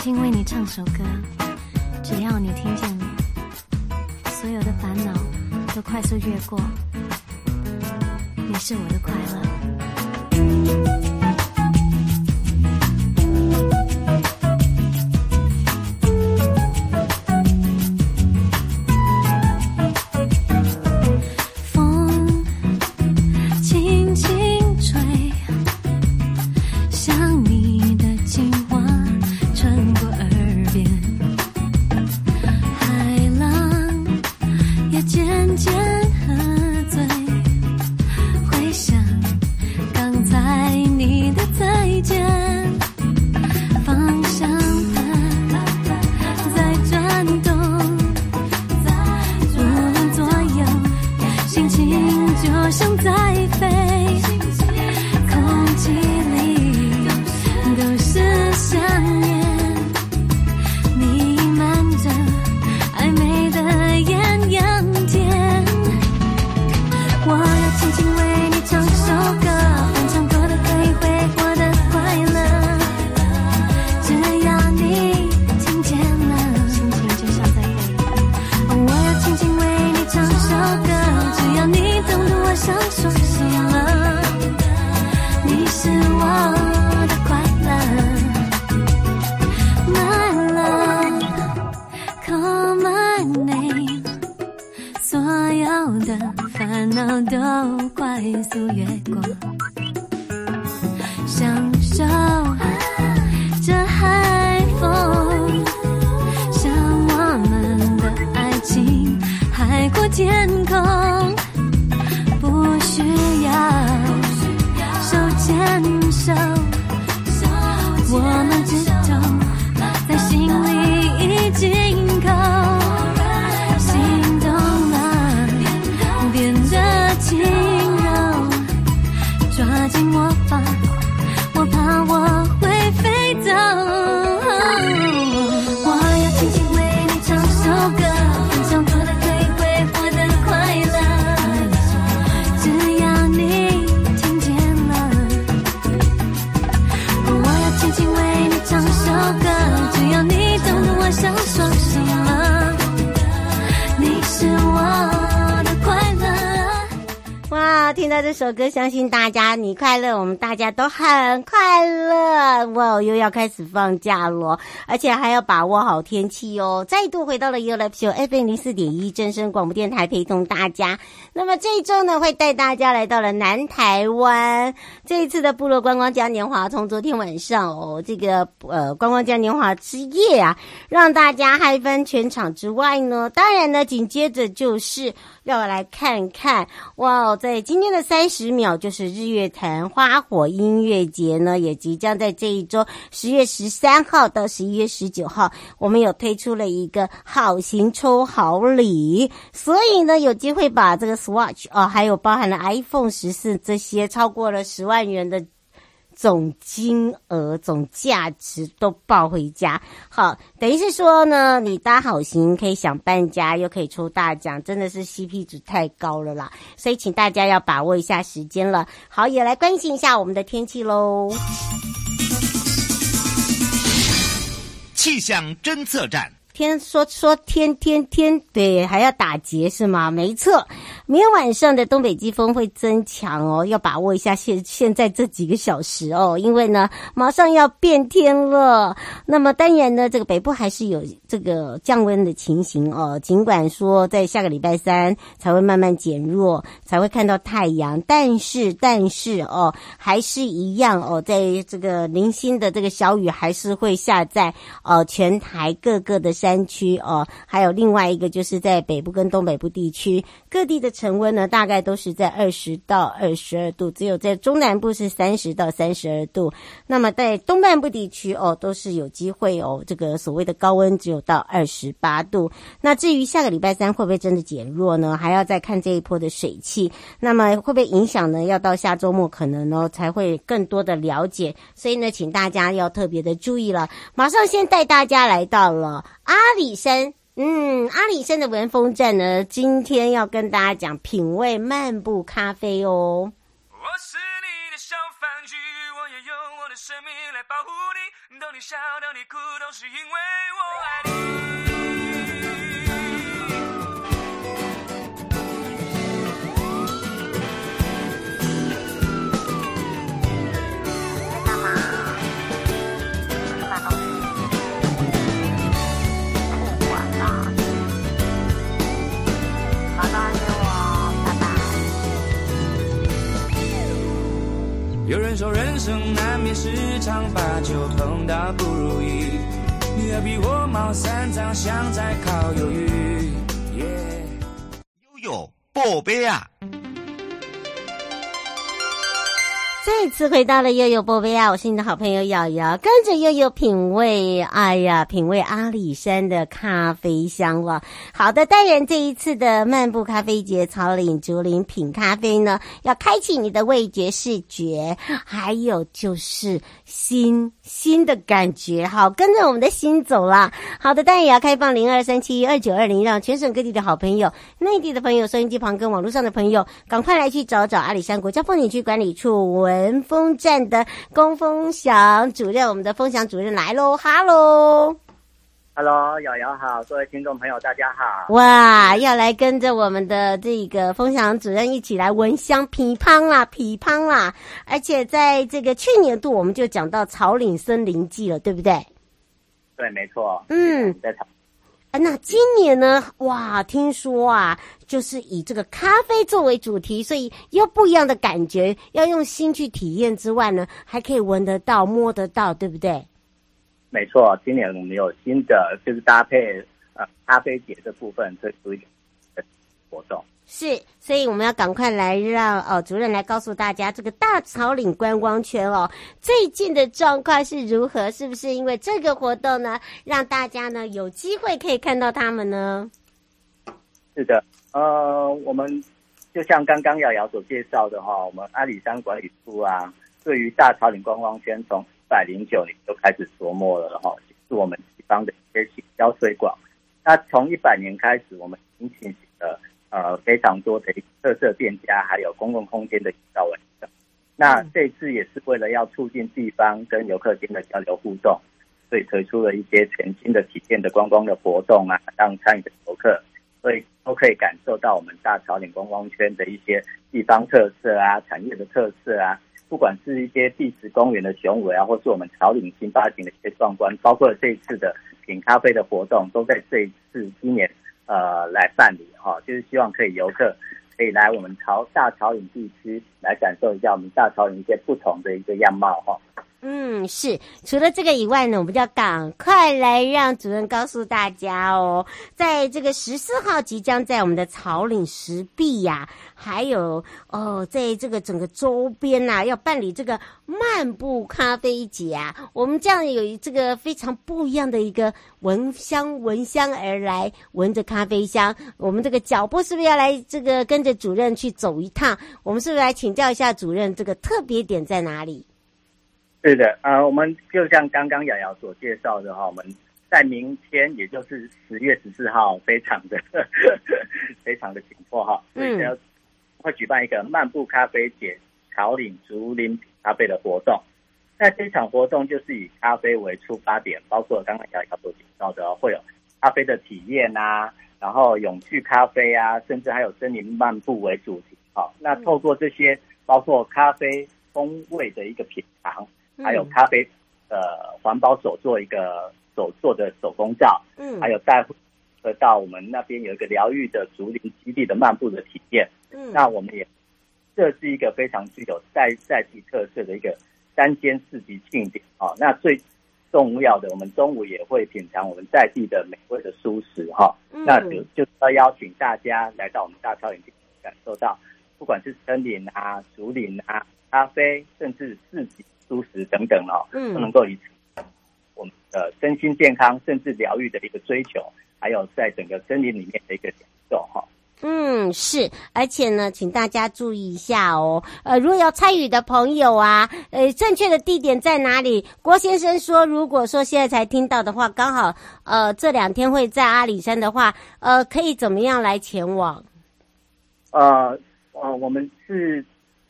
心為你唱首歌，只要你聽見了，所有的煩惱都快速越過。你是我的快樂。首歌相信大家你快樂，我們大家都很快樂。哇，又要開始放假了，而且還要把握好天氣哦。再度回到了 y o u Life Show F M 一零四點一正聲廣播電台，陪同大家。那麼這一周呢，會帶大家來到了南台灣。這一次的部落觀光嘉年華，從昨天晚上哦，這個呃觀光嘉年華之夜啊，讓大家嗨翻全場之外呢，當然呢，緊接着就是。要我來看看哇！在今天的三十秒，就是日月潭花火音樂節呢，也即將在這一周，十月十三號到十一月十九號，我們有推出了一個好行抽好禮，所以呢，有機會把這個 Swatch 哦，還有包含了 iPhone 十四這些超過了十萬元的。總金額、總價值都抱回家，好，等於是說呢，你搭好行可以享半價，又可以抽大獎，真的是 CP 值太高了啦，所以請大家要把握一下時間了。好，也來關心一下我們的天氣嘍，氣象偵測站。天說說天天天對，還要打劫是嗎？沒錯，明天晚上的東北季風會增強哦，要把握一下現現在這幾個小時哦，因為呢馬上要變天了。那麼當然呢，這個北部還是有這個降溫的情形哦。儘管說在下個禮拜三才會慢慢減弱，才會看到太陽，但是但是哦，還是一樣哦，在這個零星的這個小雨還是會下在哦、呃、全台各個的。山區哦，還有另外一個就是在北部跟東北部地區，各地的晨溫呢，大概都是在二十到二十二度，只有在中南部是三十到三十二度。那麼在東半部地區哦，都是有機會哦，這個所謂的高溫只有到二十八度。那至於下個禮拜三會不會真的減弱呢？還要再看這一波的水汽，那麼會不會影響呢？要到下周末可能呢才會更多的了解。所以呢，請大家要特別的注意了。馬上先帶大家來到了。阿里山，嗯，阿里山的文峰站呢，今天要跟大家講品味漫步咖啡哦。我是你的小飯局，我也用我的生命來保護你，等你笑，等你哭，都是因為我愛你。有人說，人生難免時常把酒碰，到不如意，你何必火冒三丈，想再靠猶豫、yeah。悠悠寶貝啊！再次回到了悠悠波菲亞，我是你的好朋友瑤瑤，跟着悠悠品味，哎呀，品味阿里山的咖啡香了、啊。好的，當然這一次的漫步咖啡節，草嶺竹林品咖啡呢，要開啟你的味覺、視覺，還有就是心心的感覺。好，跟着我們的心走啦。好的，當然也要開放零二三七二九二零，讓全省各地的好朋友、內地的朋友、收音機旁跟網絡上的朋友，趕快來去找找阿里山國家風景區管理處。我文峰站的龔峰祥主任，我們的峰祥主任來嘍，哈嘍，哈嘍，瑤瑤好，各位聽眾朋友大家好。哇，要來跟着我們的這個峰祥主任一起來聞香品芳啦，品芳啦，而且在這個去年度我們就講到草嶺森林季了，對不對？對，沒錯。嗯，在，在啊，那今年呢？哇，聽說啊，就是以這個咖啡作為主題，所以有不一樣的感覺，要用心去體驗之外呢，還可以聞得到、摸得到，對不對？沒錯，今年我們有新的，就是搭配，呃，咖啡節的部分，推出一個。活動是，所以我們要趕快來讓哦，主任來告訴大家這個大草嶺觀光圈哦，最近的狀況是如何？是不是因為這個活動呢，讓大家呢有機會可以看到他們呢？是的，呃，我們就像剛剛 YOYO 所介紹的話、哦，我們阿里山管理處啊，對於大草嶺觀光圈從一百零九年就開始琢磨了哈、哦，是我們地方的一些營銷推廣。那從一百年開始，我們已經進行了。呃，非常多的特色店家，還有公共空間的營造。那、嗯、這次也是為了要促進地方跟遊客間的交流互動，所以推出了一些全新的體驗的觀光的活動啊，讓參與的遊客，所以都可以感受到我們大草嶺觀光圈的一些地方特色啊、產業的特色啊，不管是一些地質公園的雄偉啊，或是我們草嶺新八景的一些壯觀，包括這一次的品咖啡的活動，都在這一次今年。呃，來辦理哈、哦，就是希望可以遊客可以來我們朝大草嶺地區來感受一下我們大草嶺一些不同的一個樣貌哈。哦。嗯，是。除了這個以外呢，我們就要趕快來讓主任告訴大家哦，在這個十四號即將在我們的草嶺石壁呀、啊，還有哦，在這個整個周邊吶、啊，要辦理這個漫步咖啡節啊。我們這樣有這個非常不一樣的一個聞香聞香而來，聞着咖啡香，我們這個腳步是不是要來這個跟着主任去走一趟？我們是不是來請教一下主任這個特別點在哪裡？是的，呃，我們就像剛剛瑤瑤所介紹的哈，我們在明天，也就是十月十四號，非常的呵呵非常的緊迫哈，所以呢，會舉辦一個漫步咖啡節，草嶺竹林品咖啡的活動。那這場活動就是以咖啡為出發點，包括剛剛瑤瑤所介紹的，會有咖啡的體驗啊，然後永趣咖啡啊，甚至還有森林漫步為主題。好、哦，那透過這些，包括咖啡風味的一個品嘗。嗯還有咖啡，呃，環保手做一個手做的手工皂，嗯，還有帶回和到我們那邊有一個療癒的竹林基地的漫步的體驗，嗯，那我們也設置一個非常具有在在地特色的一個山間市集慶典、哦、那最重要的，我們中午也會品嘗我們在地的美味的蔬食哈。哦嗯、那就就要邀請大家來到我們大草嶺，感受到不管是森林啊、竹林啊、咖啡，甚至市集。舒適等等哦、喔，嗯，不能夠以我們的身心健康，甚至療癒的一個追求，還有在整個森林裡面的一個感受哈。嗯，是，而且呢，請大家注意一下哦、喔，呃，如果有參與的朋友啊，呃，正確的地點在哪裡？郭先生說，如果說現在才聽到的話，剛好呃這兩天會在阿里山的話，呃，可以怎麼樣來前往？呃呃，我們是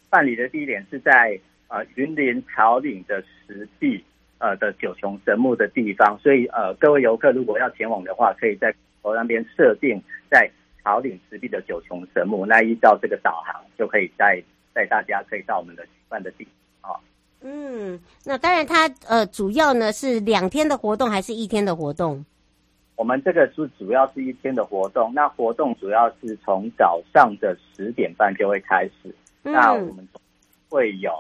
辦理的地點是在。啊，呃，雲林草嶺的石壁，呃的九芎神木的地方，所以呃，各位遊客如果要前往的話，可以在我那邊設定在草嶺石壁的九芎神木，那依照這個導航就可以帶帶大家可以到我們的舉辦的地方啊。嗯，那當然，它呃主要呢是兩天的活動還是一天的活動？我們這個是主要是一天的活動，那活動主要是從早上的十點半就會開始，那我們會有。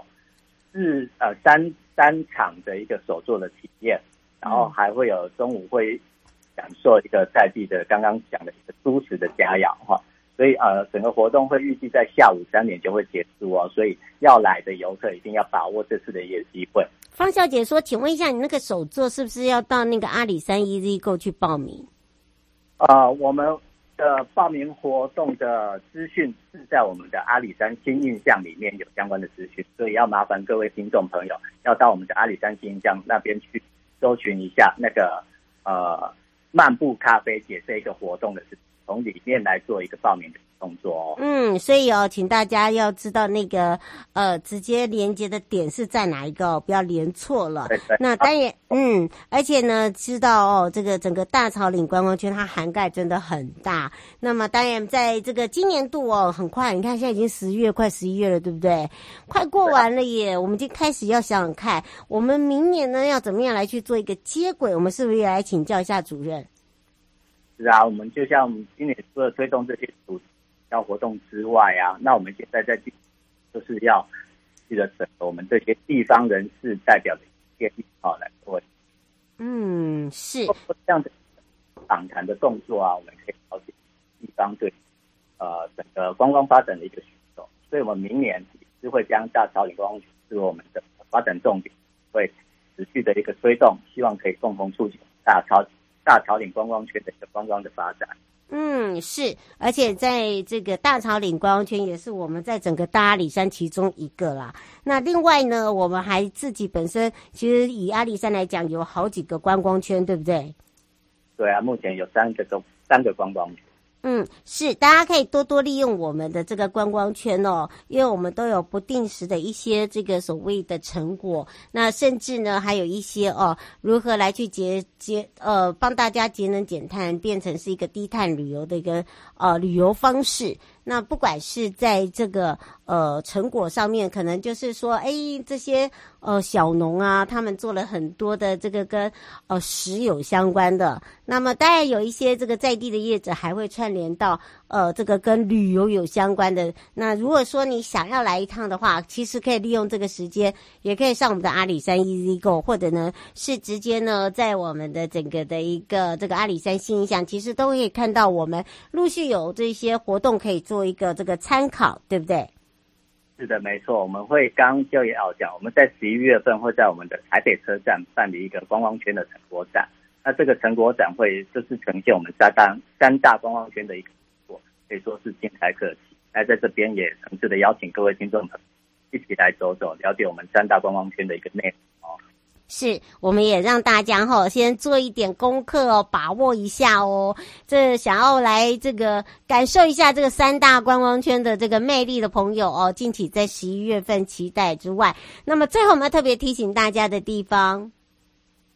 是呃三三場的一個手作的體驗，然後還會有中午會享受一個在地的剛剛講的一個都市的佳肴哈，所以呃整個活動會預計在下午三點就會結束哦，所以要來的遊客一定要把握這次的一個機會。方小姐說，請問一下，你那個手作是不是要到那個阿里山 ezgo 去報名？啊、呃，我們。呃，報名活動的資訊是在我們的阿里山新印象裡面有相關的資訊，所以要麻煩各位聽眾朋友要到我們的阿里山新印象那邊去搜尋一下那個呃漫步咖啡節這一個活動的事。從裡面來做一個報名的動作哦。嗯，所以哦，請大家要知道那個呃，直接連接的點是在哪一個哦，不要連錯了。對對對，那當然，啊、嗯，而且呢，知道哦，這個整個大草嶺觀光圈它涵蓋真的很大。那麼當然，在這個今年度哦，很快，你看現在已經十月，快十一月了，對不對？快過完了耶，啊、我們就開始要想看，我們明年呢要怎麼樣來去做一個接軌？我們是不是也來請教一下主任？是啊，我們就像我們今年除了推動這些主要活動之外啊，那我們現在在就是要記得整個我們這些地方人士代表的一議、啊，好來做。嗯，是這樣子訪談的動作啊，我們可以了解地方對呃整個觀光發展的一個需求，所以我們明年也是會將大橋景觀作為我們的發展重點，會持續的一個推動，希望可以共同促進大橋。大潮嶺觀光圈的觀光的發展，嗯，是，而且在這個大潮嶺觀光圈也是我們在整個大阿里山其中一個啦。那另外呢，我們還自己本身，其實以阿里山來講，有好幾個觀光圈，對不對？對啊，目前有三個中，三個觀光圈。嗯，是，大家可以多多利用我們的這個觀光圈哦，因為我們都有不定時的一些這個所謂的成果，那甚至呢還有一些哦，如何來去節節呃，幫大家節能減碳，變成是一個低碳旅遊的一個呃旅遊方式，那不管是在這個。呃，成果上面可能就是說，哎、欸，這些呃小農啊，他們做了很多的這個跟呃食有相關的。那麼當然有一些這個在地的業者還會串聯到呃這個跟旅遊有相關的。那如果說你想要來一趟的話，其實可以利用這個時間，也可以上我們的阿里山 Easy Go，或者呢是直接呢在我們的整個的一個這個阿里山新印象，其實都可以看到我們陸續有這些活動可以做一個這個參考，對不對？是的，沒錯，我們會剛剛就也也講，我們在十一月份會在我們的台北車站辦理一個觀光圈的成果展，那這個成果展會就是呈現我們三大三大觀光圈的一個成果，可以說是精彩可期。那在這邊也誠摯的邀請各位聽眾們一起來走走，了解我們三大觀光圈的一個內容哦。是，我們也讓大家哈、哦、先做一點功課、哦，把握一下哦。這想要來這個感受一下這個三大觀光圈的這個魅力的朋友哦，敬請在十一月份期待之外。那麼最後我們要特別提醒大家的地方，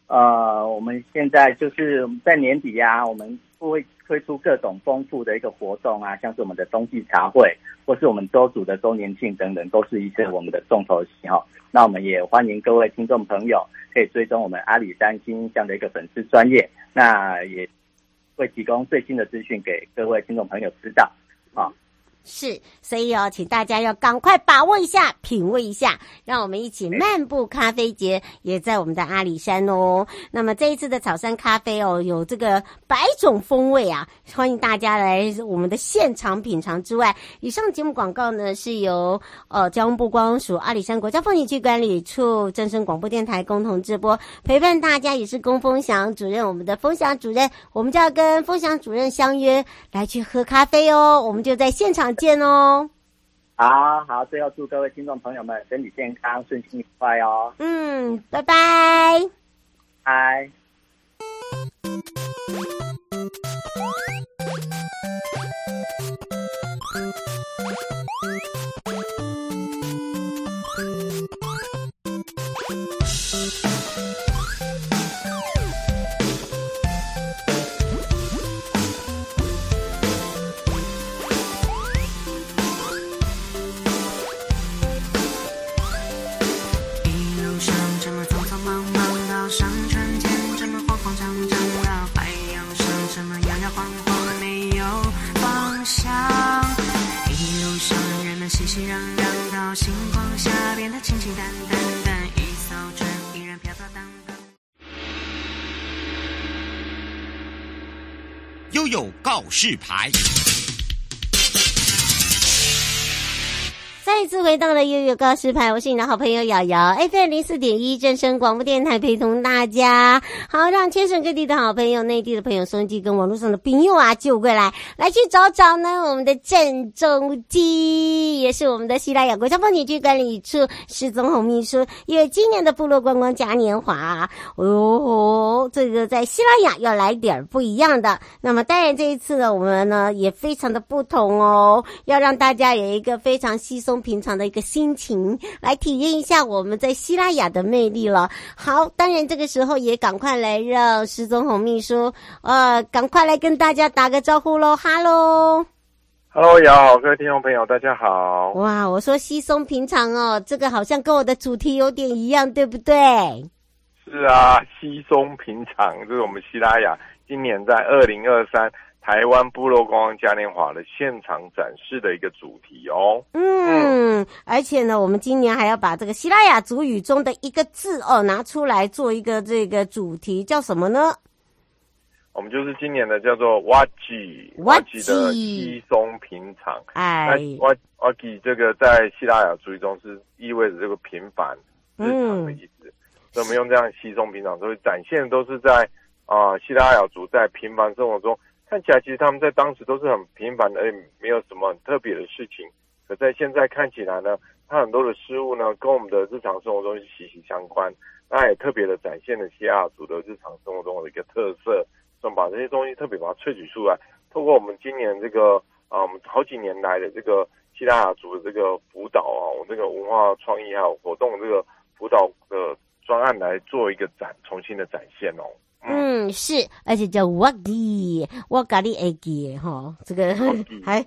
呃，我們現在就是在年底呀、啊，我們不會。推出各種豐富的一個活動啊，像是我們的冬季茶會，或是我們周組的周年慶等等，都是一些我們的重頭戲哈、哦。那我們也歡迎各位聽眾朋友可以追蹤我們阿里山金這樣的一個粉絲專頁，那也會提供最新的資訊給各位聽眾朋友知道。是，所以哦，請大家要趕快把握一下，品味一下，讓我們一起漫步咖啡節，也在我們的阿里山哦。那麼這一次的草山咖啡哦，有這個百種風味啊，歡迎大家來我們的現場品嘗之外，以上節目廣告呢，是由呃，交通部觀光署阿里山國家風景區管理處、正聲廣播電台共同直播，陪伴大家也是龔峰祥主任，我們的峰祥主任，我們就要跟峰祥主任相約來去喝咖啡哦，我們就在現場。見哦，好好，好，最後祝各位聽眾朋友們身體健康，順心愉快哦。嗯，拜拜，拜。告示牌。再次回到了 YOYO 告示牌，我是你的好朋友瑤瑤，FM 零四點一正聲廣播電臺陪同大家，好讓全省各地的好朋友、內地的朋友、手機跟網絡上的朋友啊，救過來來去找找呢。我們的鄭中基也是我們的西拉雅國家風景區管理處施宗泓秘書，因為今年的部落觀光嘉年華，哦吼，這個在西拉雅要來點兒不一樣的。那麼當然這一次呢，我們呢也非常的不同哦，要讓大家有一個非常稀鬆平平常的一個心情，來體驗一下我們在西拉雅的魅力了。好，當然這個時候也趕快來讓施宗泓秘書，呃，趕快來跟大家打個招呼嘍！Hello，Hello，各位聽眾朋友，大家好！哇，我說稀鬆平常哦，這個好像跟我的主題有點一樣，對不對？是啊，稀鬆平常，這、就是我們西拉雅今年在二零二三。台灣部落觀光嘉年華的現場展示的一個主題哦，嗯，嗯而且呢，我們今年還要把這個西拉雅族語中的一個字哦拿出來做一個這個主題，叫什麼呢？我們就是今年的叫做瓦吉瓦吉的稀鬆平常。哎瓦、啊、瓦吉這個在西拉雅族語中是意味着這個平凡日常的意思，嗯、所以我們用這樣稀鬆平常，所以展現的都是在啊、呃、西拉雅族在平凡生活中。看起來其實他們在當時都是很平凡的，而沒有什麼很特別的事情。可在現在看起來呢，他很多的失誤呢，跟我們的日常生活東西息息相關。那也特別的展現了西拉雅族的日常生活中的一個特色，那把這些東西特別把它萃取出來，透過我們今年這個，我們、嗯、好幾年來的這個西拉雅族的這個輔導啊，我們這個文化創意還有活動這個輔導的專案來做一個展，重新的展現哦。嗯，是，而且叫沃吉，我咖哩埃及吼，這個去還哎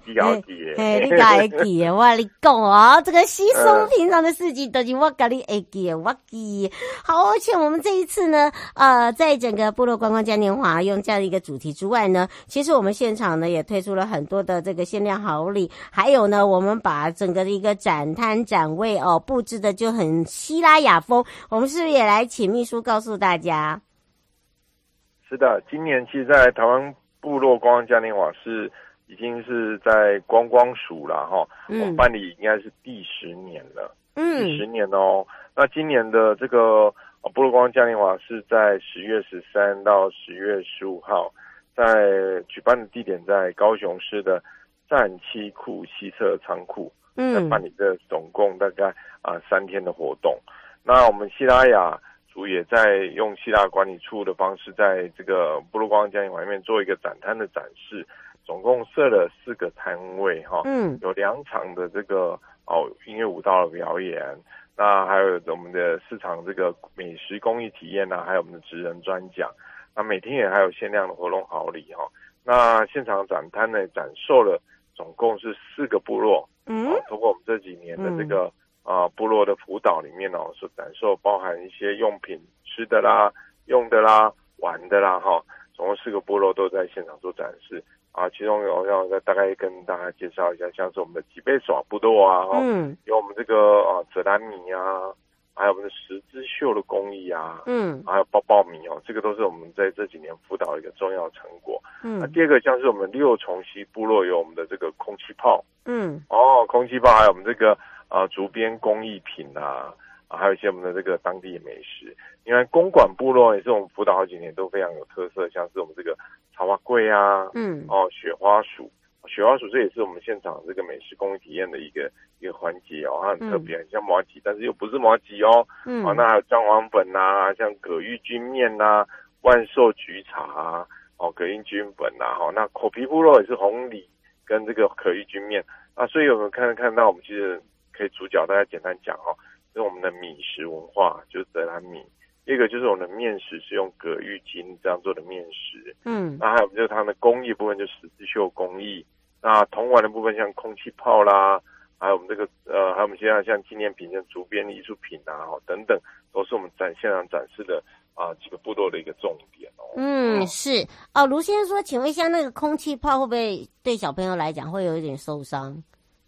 哎，你咖哩埃及， 我跟你講哦，這個稀鬆平常的事情都是沃咖哩埃哇沃吉。好，而且我們這一次呢，呃，在整個部落觀光嘉年華用這樣的一個主題之外呢，其實我們現場呢也推出了很多的這個限量好禮，還有呢，我們把整個的一個展攤展位哦布置的就很西拉雅風。我們是不是也來請秘書告訴大家？是的，今年其實，在台灣部落觀光嘉年華是已經是在觀光署了哈、哦，嗯、我們辦理應該是第十年了，嗯，第十年哦。那今年的這個、哦、部落觀光嘉年華是在十月十三到十月十五號，在舉辦的地點在高雄市的棧七庫西側倉庫，嗯，辦理的總共大概啊、呃、三天的活動。那我們西拉雅。也在用西拉雅管理處的方式，在這個部落觀光嘉年華裡面做一個展攤的展示，總共設了四個攤位哈，嗯，有兩場的這個哦音樂舞蹈的表演，那還有我們的市場這個美食工藝體驗呢，還有我們的職人專講，那每天也還有限量的活動好禮哈，那現場展攤呢展售了總共是四個部落，嗯，啊、通過我們這幾年的這個。啊，部落的輔導裡面呢、哦，所展示包含一些用品、吃的啦、用的啦、玩的啦，哈，總共四個部落都在現場做展示。啊，其中有讓我再大概跟大家介紹一下，像是我們的吉貝耍部落啊，哦、嗯，有我們這個呃紙、啊、拉米啊，還有我們的十字繡的工藝啊，嗯，還有包包米哦，這個都是我們在這幾年輔導的一個重要成果。嗯，那、啊、第二個像是我們六重溪部落有我們的這個空氣炮，嗯，哦，空氣炮還有我們這個。啊，竹編工藝品啊，啊，還有一些我們的這個當地的美食。因為公館部落也是我們輔導好幾年都非常有特色，像是我們這個茶花龜啊，嗯，哦，雪花鼠，雪花鼠這也是我們現場這個美食工藝體驗的一個一個環節哦，它很特別，嗯、很像麻吉，但是又不是麻吉哦，嗯，哦、啊，那還有薑黃粉吶、啊，像葛玉菌麵吶、啊，萬壽菊茶、啊，哦，葛玉菌粉吶、啊，好、哦、那口皮部落也是紅藜跟這個葛玉菌麵啊，所以我們看看到我們其實。可以主角，大家簡單講哦。是我們的米食文化，就是德蘭米；一個就是我們的麵食，是用葛玉金這樣做的麵食。嗯，那還有我們就是它的工藝部分，就十字繡工藝。那童玩的部分，像空氣泡啦，還有我們這個呃，還有我們現在像紀念品，像竹編的藝術品啊、哦，哈，等等，都是我們展現場展示的啊、呃、幾個步驟的一個重點哦。嗯，是哦。盧先生說，請問一下，那個空氣泡會不會對小朋友來講會有一點受傷？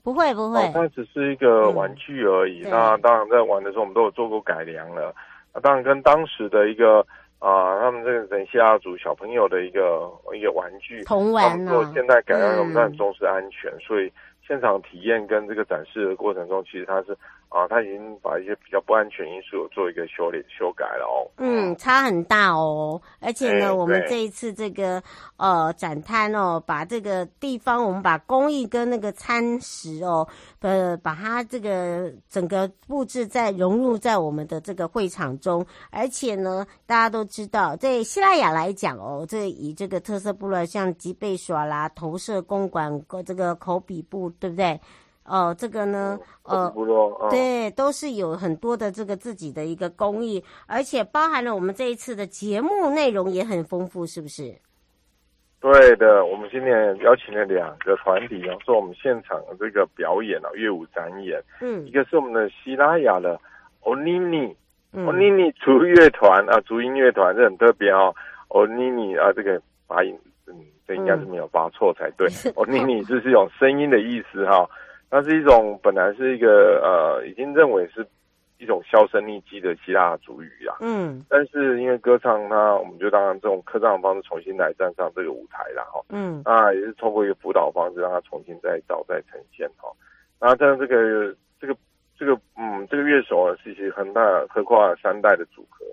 不會不會，它、啊、只是一個玩具而已。嗯、那當然在玩的時候，我們都有做過改良了。那對、啊、當然跟當時的一個啊，他們這個西拉雅族小朋友的一個一個玩具同玩呢、啊。他們做現在改良，嗯、我們都很重視安全，所以現場體驗跟這個展示的過程中，其實它是。啊，他已經把一些比較不安全因素做一個修理修改了哦。嗯，差很大哦。而且呢，欸、我們這一次這個對呃展攤哦，把這個地方我們把工藝跟那個餐食哦，呃，把它這個整個布置在融入在我們的這個會場中。而且呢，大家都知道，在西拉雅來講哦，這以這個特色部落像吉貝耍啦、頭社公館、這個口筆部，對不對？哦，這個呢，呃，對，嗯、都是有很多的這個自己的一個工藝，而且包含了我們這一次的節目內容也很豐富，是不是？對的，我們今天邀請了兩個團體、哦，然做我們現場的這個表演了、哦，樂舞展演。嗯，一個是我們的希拉雅的奧尼尼，奧尼尼竹樂團啊，竹音樂團是很特別哦。奧尼尼啊，這個發音，嗯，這應該是沒有發錯才對。奧尼尼就是有聲音的意思哈、哦。 那是一種本來是一個呃，已經認為是一種銷聲匿跡的西拉雅的族語啊。嗯。但是因為歌唱它，我們就當然這種合唱方式重新來站上這個舞台了哈。哦、嗯。那也是通過一個輔導方式，讓它重新再找再呈現哈。那這樣，這個這個這個嗯，這個樂手啊，是其實很大文化三代的組合，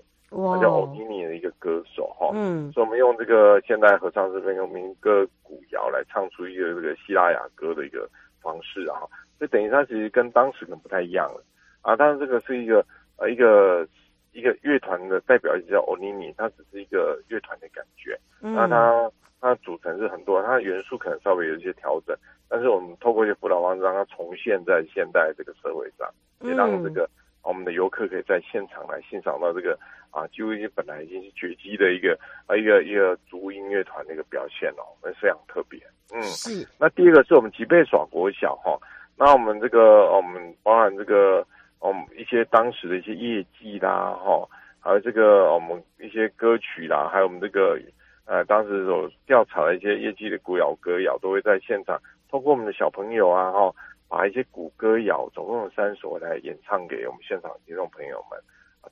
哇它叫歐迪尼的一個歌手哈。哦、嗯。所以我們用這個現代合唱，邊用民歌古謠來唱出一個這個西拉雅歌的一個。方式啊，就等於它其實跟當時可能不太一樣了啊。但是這個是一個呃、啊、一個一個樂團的代表也叫，叫歐尼尼它只是一個樂團的感覺。那、嗯啊、它它組成是很多，它的元素可能稍微有一些調整。但是我們透過一些輔導方式，讓它重現在現代這個社會上，也讓這個、嗯啊、我們的遊客可以在現場來欣賞到這個啊，幾乎已經本來已經是絕跡的一個啊一個一個竹音樂團的一個表現哦，非常特別。嗯，是。那第一個是我們吉貝耍國小哈，那我們這個我們包含這個我們一些當時的一些夜祭啦哈，還有這個我們一些歌曲啦，還有我們這個呃當時所調查的一些夜祭的古謠歌謠，都會在現場通過我們的小朋友啊哈，把一些古歌謠，總共有三首來演唱給我們現場聽眾朋友們。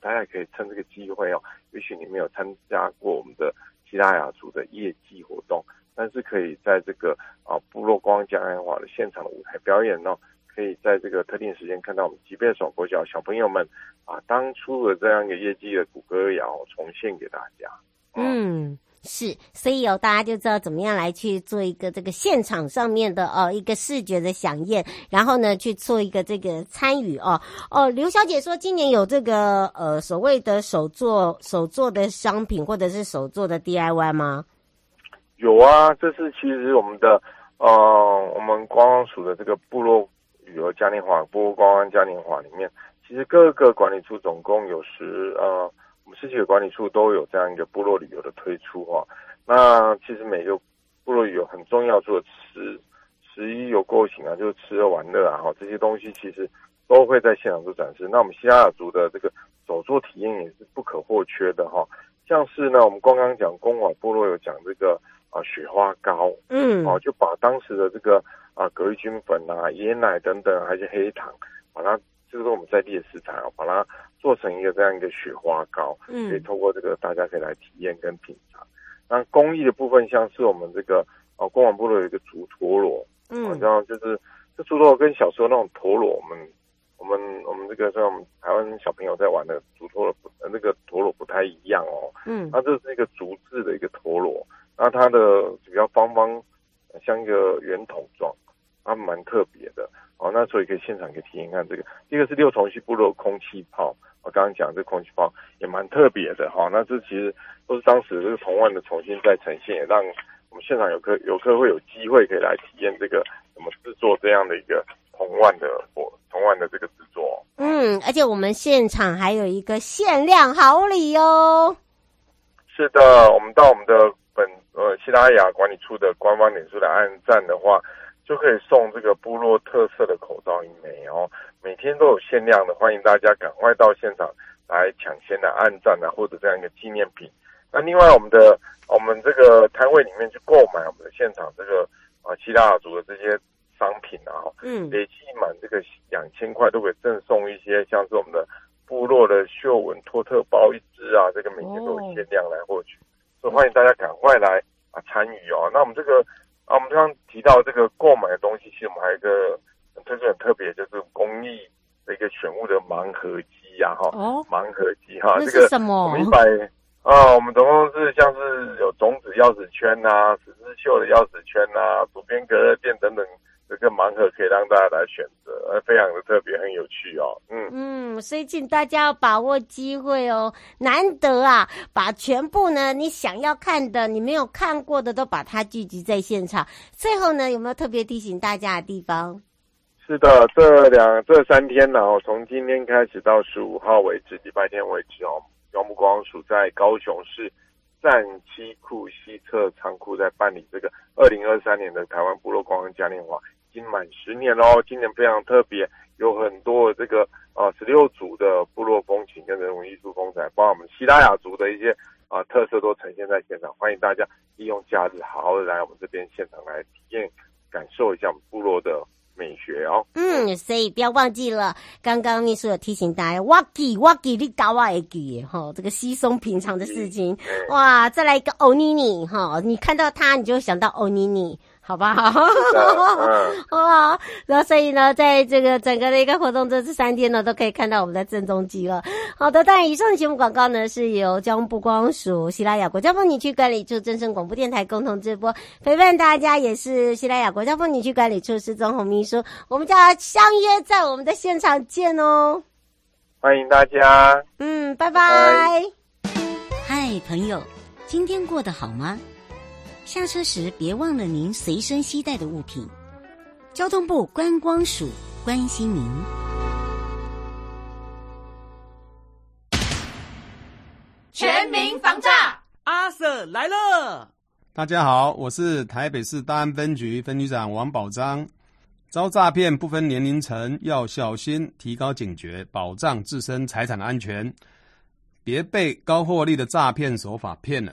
大家可以趁這個機會哦，也許你沒有參加過我們的西拉雅族的夜祭活動。但是可以在這個啊部落觀光嘉年華的現場的舞台表演呢，可以在這個特定時間看到我們吉貝耍國小小朋友們啊當初的這樣一個夜祭的古歌謠，重現給大家。啊、嗯，是，所以有、哦、大家就知道怎麼樣來去做一個這個現場上面的哦一個視覺的響應，然後呢去做一個這個參與哦哦。劉、哦、小姐說，今年有這個呃所謂的手作手作的商品或者是手作的 DIY 嗎？有啊，這是其實我們的，呃，我們觀光署的這個部落旅遊嘉年華，部落觀光嘉年華裡面，其實各個管理處總共有十呃我們十幾個管理處都有這樣一個部落旅遊的推出哈、啊。那其實每個部落旅遊很重要，做十十一有構型啊，就是吃喝玩樂啊，哈、啊，這些東西其實都會在現場做展示。那我們西拉雅族的這個手作體驗也是不可或缺的哈、啊，像是呢，我們剛剛講公館部落有講這個。啊，雪花糕，嗯，哦、啊，就把當時的這個啊，葛玉菌粉啊、椰奶等等，還是黑糖，把它就是說我們在地的食材，把它做成一個這樣一個雪花糕，嗯，可以透過這個，大家可以來體驗跟品嘗。那工藝的部分，像是我們這個哦、啊，公網部的有一個竹陀螺，嗯，好像、啊、就是這竹陀螺跟小時候那種陀螺，我們我們我們這個像我們台灣小朋友在玩的竹陀螺，那個陀螺不太一樣哦，嗯，它這是一個竹制的一個陀螺。那它的比較方方，像一個圓筒狀，啊，蠻特別的。好，哦，那所以可以現場可以體驗看這個。這個是六重溪部落空氣炮，我剛剛講這個空氣炮也蠻特別的哈，哦。那這其實都是當時這個銅萬的重新再呈現，也讓我們現場有客有客會有機會可以來體驗這個怎麼製作這樣的一個銅萬的或銅萬的這個製作。嗯，而且我們現場還有一個限量好禮哦。是的，我們到我們的。本呃，西拉雅管理處的官方臉書的按讚的話，就可以送這個部落特色的口罩一枚哦。每天都有限量的，歡迎大家趕快到現場來搶先的按讚啊，或者這樣一個紀念品。那另外，我們的我們這個攤位裡面去購買我們的現場這個啊西拉雅族的這些商品啊、哦，嗯，累計滿這個兩千塊，都可以贈送一些像是我們的部落的繡紋托特包一只啊，這個每天都有限量來獲取。嗯歡迎大家趕快來啊參與哦！那我們這個啊，我們剛剛提到這個購買的東西，其實我們還有一個很特別、很特別，就是公益的一個選物的盲盒機呀、啊，哈！哦，盲盒機哈，什麼這個我們一百啊，我們總共是像是有種子鑰匙圈吶、啊，十字繡的鑰匙圈吶、啊，左邊隔熱墊等等。這個盲盒可以讓大家來選擇，而非常的特別，很有趣哦。嗯嗯，所以請大家要把握機會哦，難得啊，把全部呢你想要看的、你沒有看過的都把它聚集在現場。最後呢，有沒有特別提醒大家的地方？是的，這兩這三天呢、啊，從今天開始到十五號為止，禮拜天為止哦、啊，要目光鎖在高雄市站七庫西側倉庫，在辦理這個二零二三年的台灣部落觀光嘉年華。滿十年嘍！今年非常特別，有很多這個呃十六族的部落風情跟人文藝術風采，包括我們西拉雅族的一些啊、呃、特色，都呈現在現場。歡迎大家利用假日，好好的來我們這邊現場來體驗感受一下我們部落的美學哦。嗯，所以不要忘記了，剛剛秘書有提醒大家，w a 哇吉哇吉哩嘎哇吉哈，這個稀鬆平常的事情。嗯、哇，再來一個歐尼尼哈，你看到他你就想到歐尼尼。好不好？好不好？那所以呢，在這個整個的一個活動，這這三天呢，都可以看到我們的正宗雞了。好的，當然以上的節目廣告呢，是由交通部觀光署西拉雅國家風景區管理處、正聲廣播電臺共同直播，陪伴大家也是西拉雅國家風景區管理處施宗泓秘書。我們就要相約在我們的現場見哦！歡迎大家。嗯，拜拜。嗨拜，Hi, 朋友，今天過得好嗎？下車時別忘了您隨身攜帶的物品。交通部觀光署關心您。全民防詐，阿 Sir 來了。大家好，我是臺北市大安分局分局長王寶章。遭詐騙不分年齡層，要小心提高警覺，保障自身財產的安全，別被高獲利的詐騙手法騙了。